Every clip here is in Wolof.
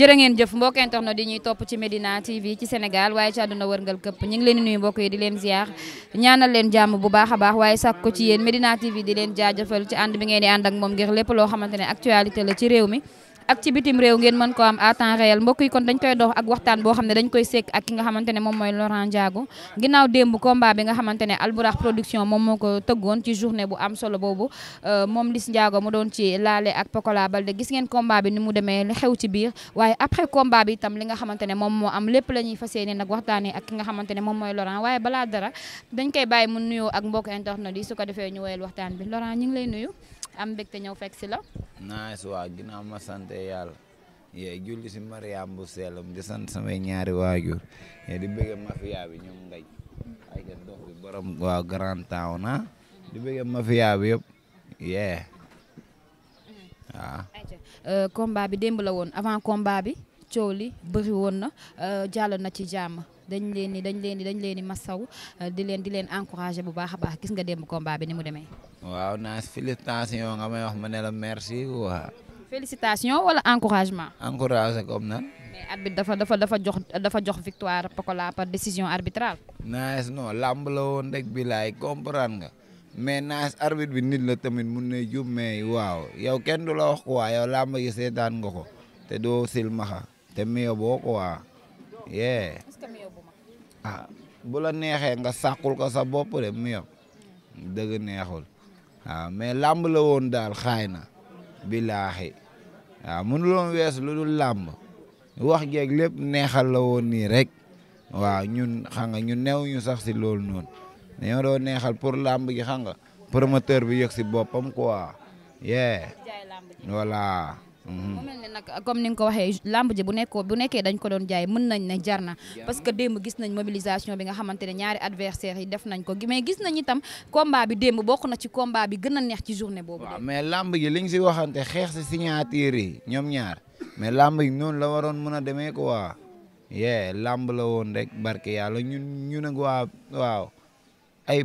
jërë ngeen jëf mbokk na di ñuy topp ci Medina TV ci Sénégal waaye ci àdduna wërngal këpp ñu ngi leen di nuyu mbokk yi di leen ziar ñaanal leen jàmm bu baax a baax waaye sàkk ko ci yéen Medina TV di leen jaajëfal ci ànd bi ngeen di ànd ak moom ngir lépp loo xamante ne actualité la ci réew mi ak ci bitim réew ngeen mën ko am à temps réel mbokk yi kon dañ koy dox ak waxtaan boo xam ne dañ koy sekk ak ki nga xamante ne moom mooy Laurent Ndiago ginnaaw démb combat nga xamante ne Alburax production moom moo ko tëggoon ci journée bu am solo boobu euh, moom Liss Ndiago mu doon ci laale ak Pokola Balde gis ngeen combat bi ni mu demee li xew ci biir waaye après combat bi itam li nga xamante ne moom moo am lépp la ñuy fas yéene nag waxtaanee ak ki nga xamante ne moom mooy Laurent waaye balaa dara dañ koy bàyyi mu nuyoo ak mbokk internet yi su ko defee ñu woyal waxtaan bi Laurent ñu ngi lay nuyu am mbégte ñëw fekk si la. nice waa ginnaaw ma sant yàlla. yee julli si Mariam bu di sant samay ñaari waajur yee di bëggee mafia bi ñoom ngay ay ga dox bi borom grand town na ah. di bëggee mafia bi yëpp yee mm-hmm. waaw euh, combat bi la woon avant combat coow li bëri woon na euh, jàll na ci jàmm dañ leen ni dañ leen ni dañ leen ni masaw euh, di leen di leen encourager bu baax a baax gis nga démb combat bi ni mu demee. waaw naas félicitation nga may wax ma ne la merci waa. félicitation wala encouragement. encouragé comme nan. mais arbitre dafa dafa dafa jox dafa jox victoire Pokola par décision arbitrale. naas non làmb la woon rek bi laay comprendre nga. mais naas arbitre bi nit la tamit mun na jub mais waaw yow kenn du la wax ko waa yow làmb gi seetaan nga ko te doo silmaxa te miyo boo quoi yee ah bu la neexee nga sàqul ko sa bopp de miyo dëgg neexul a ah, mais làmb la woon daal xaay na bilaahi waaw ah, mënuloon wees lu dul làmb wax geeg lépp neexal la woon nii rek waaw ñun xam nga ñu new ñu sax si loolu noonu dañoo doon neexal pour làmb gi xam nga promoteur bi yëg si boppam quoi yee voilà Mm-hmm. mu mel ne nag comme ni nga ko waxee lamb ji bu nekkoo bu nekkee dañ ko doon jaay mën nañ ne jar na parce que démb gis nañ mobilisation bi nga xamante ne ñaari adversaires yi def nañ ko mais gis nañ itam combat bi démb bokk na ci combat bi gën a neex ci journée boobu waaw mais lamb ji liñ si waxante xeex si signature yi ñoom ñaar mais lamb yi noonu la waroon mën a demee ko yee lamb woon rek barke yàlla ñun ñu nag waa waaw ay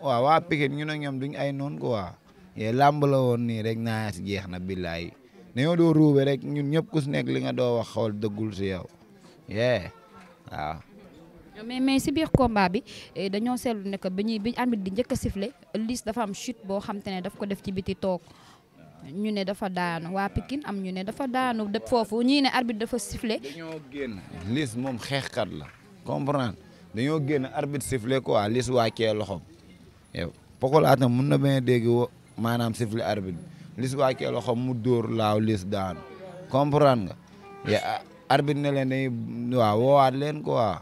waaw waa Pikine ñu nag ñoom duñ ay noonu quoi yee lamb la woon nii rek naa si jeex na billaay dañoo doo ruube rek ñun ñëpp ku si nekk li nga doo wax xool dëggul si yow yee waaw. mais mais si biir combat bi eh, dañoo seetlu ne que bi ñuy bi arbitre di njëkk a sifflé Liss dafa am chute boo xam te ne daf ko def ci biti toog ñu ne dafa daanu waa Pikine am ñu ne dafa daanu def foofu ñii ne arbitre dafa sifflé. dañoo génn Liss moom xeexkat la comprendre dañoo génn arbitre sifflé quoi Liss wàccee loxoom yow Pokola atam mun na bañ a dégg maanaam sifflé arbitre. lis wàccee loxoom mu dóor laaw lis daan comprendre nga ye arbitre ne leen dañuy waaw woowaat leen quoi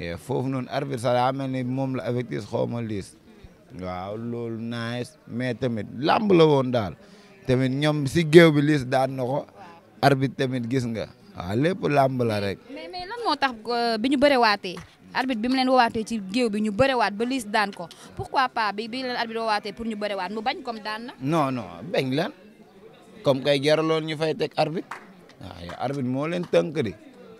ye foofu noonu arbitre sax daa mel moom la affecté xaw ma liis waaw loolu nice mais tamit làmb la woon daal tamit ñoom si géew bi liis daan na ko arbitre tamit gis nga waaw lépp làmb la rek mais mais moo tax euh, bi ñu bëre waatee arbitre bi mu leen woowaatee ci géew bi ñu waat ba liis daan ko pourquoi pas bi bi leen arbitre woowaatee pour ñu bërewaat mu bañ comme daan na. non non bañ lan comme kay jaraloon ñu fay teg arbitre waaw arbitre moo leen tënk di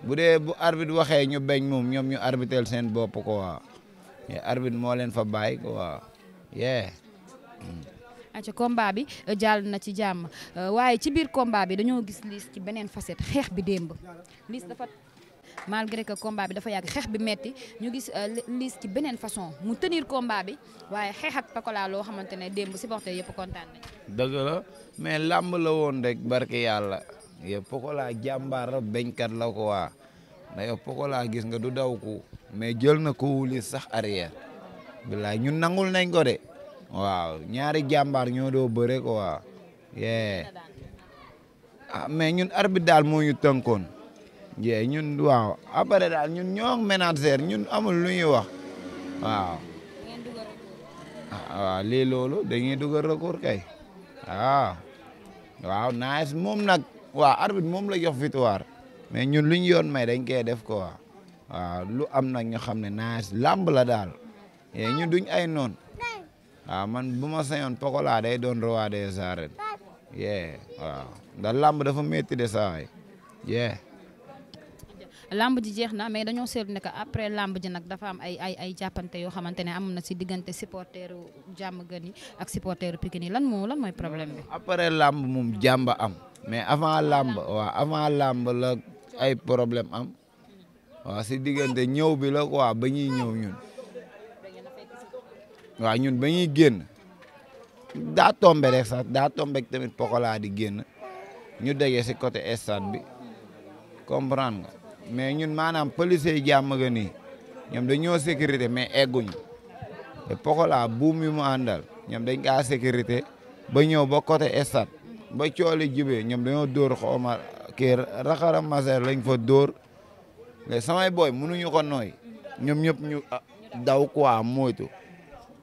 bu dee bu arbitre waxee ñu bañ moom ñoom ñu arbitral seen bopp ko waaw arbitre moo leen fa bàyyi ko waaw yeah. Mm. bi euh, jàll na ci jàmm euh, waaye ci biir combat bi dañoo gis liis ci beneen facette xeex bi démb liis malgré que combat bi dafa yàgg xeex bi metti ñu gis euh, Liss ci beneen façon mu tenir combat bi waaye xeex ak Pakola loo xamante ne démb supporter yëpp kontaan nañ. dëgg la mais làmb la woon rek barke yàlla yow Pakola jàmbaar la bañkat la ko waa mais yow Pakola gis nga du daw ko mais jël na ko wuli sax arrière. bilaay ñun nangul nañ ko de. waaw ñaari jàmbaar ñoo doo bëre ko waa. ah mais ñun bi daal moo ñu tënkoon. jee ñun waaw après daal ñun ñoo ménager ñun amul lu ñuy wax waaw. Ah, waaw lii loolu dañuy dugal recours kay waaw waaw nice moom nag waaw arbitre moom la jox victoire mais ñun luñ yoon may dañ koy def ko waaw lu am nag ñu xam ne naas làmb la daal ye ñun duñ ay noon waaw man bu ma sañoon Pokola day doon roi des arènes ye waaw ndax làmb dafa métti de saay ye lamb ji jeex na mais dañoo seetlu ne que après lamb ji nag dafa am ay ay ay jàppante yoo xamante ne am na si diggante supporteru jàmm gën ak supporteru Pikine yi lan moo lan mooy problème bi. après lamb moom jàmb am. mais avant lamb waaw avant lamb la ay problème am waaw si diggante ñëw bi la quoi ba ñuy ñëw ñun waaw ñun ba ñuy génn daa tombe rek sax daa tombe tamit Pokola di génn ñu degee si côté stade bi comprendre nga. mais ñun maanaam policiers yi jàmm ga nii ñoom dañoo sécurité mais egguñu Pokola buum yu mu àndal ñoom dañ kaa sécurité ba ñëw ba côté stade ba coole jibee ñoom dañoo dóor xawma kii raxara maser lañ fa dóor mais samay booy mënuñu ko nooy ñoom ñëpp ñu ah, daw quoi moytu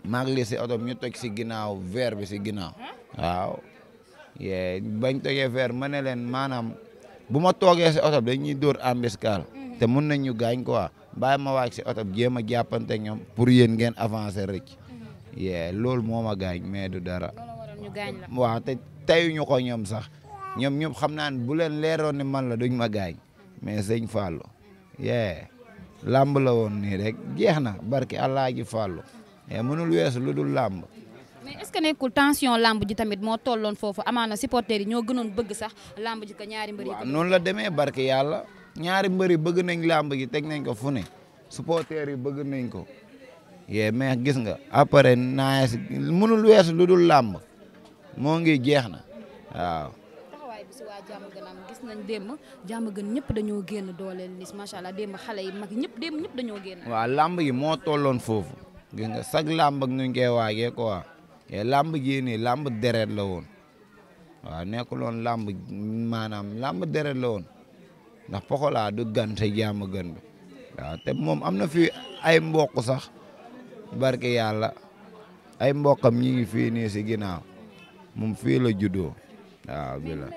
maag li si oto ñu toj si ginnaaw ver bi si ginaaw waaw yee bañ tojee verre ma ne leen maanaam bu ma toogee si oto da dañuy dóor embuscade mhm. te mun nañ ñu gaañ quoi bàyyi ma waaj si oto bi jéem a jàppante ñoom pour yéen ngeen avancer rek mhm. yee loolu moo ma gaañ mais du dara. waaw te tayuñu ko ñoom sax ñoom ñoom xam naa ne bu leen leeroon ne man la duñ ma gaañ mais sëñ Fallou yee làmb la woon nii rek jeex na barki Alaaji Fallou mënul weesu lu dul làmb. mais est que nekkul tension làmb ji tamit moo tolloon foofu amaana supporters yi ñoo gënoon bëgg sax lamb ji ko ñaari mbër yi. waaw noonu la demee barke yàlla ñaari mbër yi bëgg nañ làmb ji teg nañ ko fu ne supporters yi bëgg nañ ko. yee mais gis nga après naa mënul wees lu dul làmb moo ngi jeex na waaw. gis nañ démb jàmm ñëpp dañoo génn dooleel lis macha démb xale yi mag ñëpp dañoo génn. waaw làmb yi moo tolloon foofu gis nga chaque làmb ak nuñ koy waajee waa et làmb jii nii làmb deret la woon waaw nekkul woon làmb maanaam làmb deret la woon ndax Pokola du gan te jaam gën bi waaw te moom am na fi ay mbokk sax barke yàlla ay mbokkam ñi ngi fii nii si ginnaaw moom fii la juddoo waaw bi la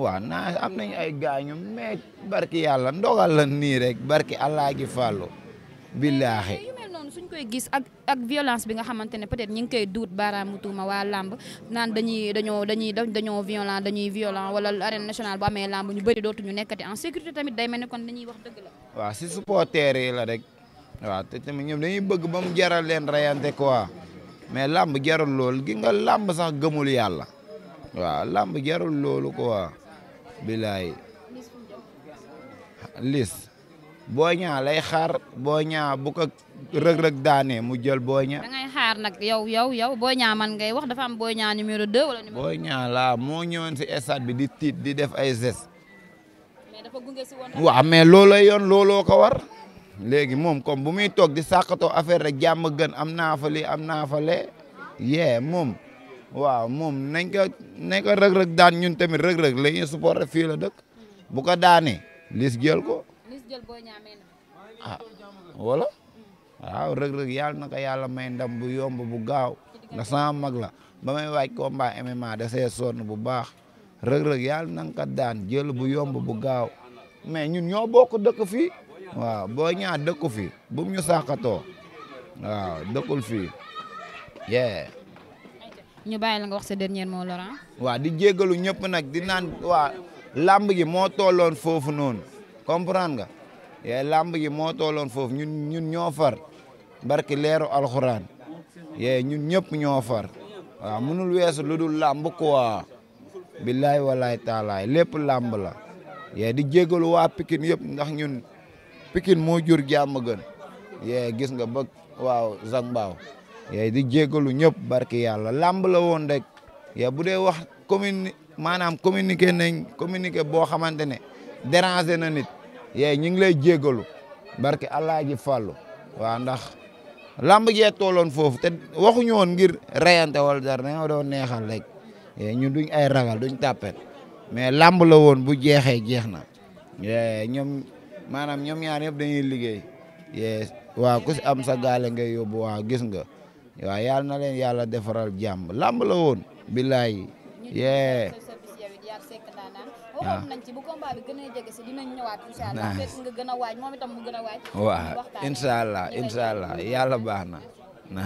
waaw naa am nañ ay gaañu mais barke yàlla ndogal la nii rek barke allah gi fàllu billaahi ñu koy gis ak ak violence bi nga xamante ne peut-être ñu ngi koy duut baaraamu tuuma waa làmb naan dañuy dañoo dañuy dañoo violent dañuy violent wala arène nationale ba amee lamb ñu bëri dootuñu nekkati en sécurité tamit day mel ni kon dañuy wax dëgg la. waaw si supporter yi la rek waaw te tamit ñoom dañuy bëgg ba mu jaral leen rayante quoi mais làmb jarul lool gi nga làmb sax gëmul yàlla waa làmb jarul loolu quoi bilaay lis boo ñaa lay xaar boo ñaa bu ko rëg-rëg daanee mu jël Boy Niang. da xaar nag yow yow yow boo ñaa man ngay wax dafa am Boy Niang numéro 2 wala. Boy Niang moo ñëwoon si stade bi di tiit di def ay gestes. mais dafa mais looloo yoon looloo ko war. léegi moom comme bu muy toog di sàqatoo affaire rek jàmm gën am naa fa am naa fa lee yee moom waaw moom nañ ko rëg-rëg daan ñun tamit rëg-rëg la ñuy supporté fii la dëkk bu ko daanee lis jël ko. ah wala mm. waaw rëg-rëg yàlla na ko yàlla may ndam bu yomb bu gaaw nga sama mag la ba may waaj combat MMA da see sonn bu baax rëg-rëg yàlla na ka daan jël bu yomb bu gaaw mais ñu ñoo bokk dëkk fi waaw boo ñaa dëkku fi bu mu ñu sàqatoo waaw dëkkul fii yeah ñu bàyyi la nga wax sa dernier mot Laurent waaw di jéggalu ñëpp nag di naan waa làmb gi moo tolloon foofu noonu comprendre yaay làmb gi moo tooloon foofu ñun ñun ñoo far barki leeru alxuraan yee ñun ñëpp ñoo far waaw mënul weesu lu dul làmb quoi billaay walaay taalaay lépp làmb la yee di jégalu waa Pikine yëpp ndax ñun Pikine moo jur jàmm gën yee gis nga bëgg waaw Zac Mbao yee di jégalu ñëpp barki yàlla làmb la woon rek yee bu dee wax commune maanaam communiqué nañ communiqué boo xamante ne déranger na nit yee ñu ngi lay jégalu barke Alaaji Fàllu waaw ndax lamb jee tooloon foofu te waxuñu woon ngir reyante wala dara dañoo doon neexal rek ñun duñ ay ragal duñ tàppet mais lamb la woon bu jeexee jeex na ñoom maanaam ñoom ñaar yëpp dañuy liggéey waaw ku si am sa gaale ngay yóbbu waaw gis nga waaw yàlla na leen yàlla defaral jàmm lamb la woon billaahi yee waxoon ah. nañ ci bu combat gën a jege si dinañ ñëwaat incha nga gën a waaj moom itam mu gën a waaj waaw incha allah yàlla baax na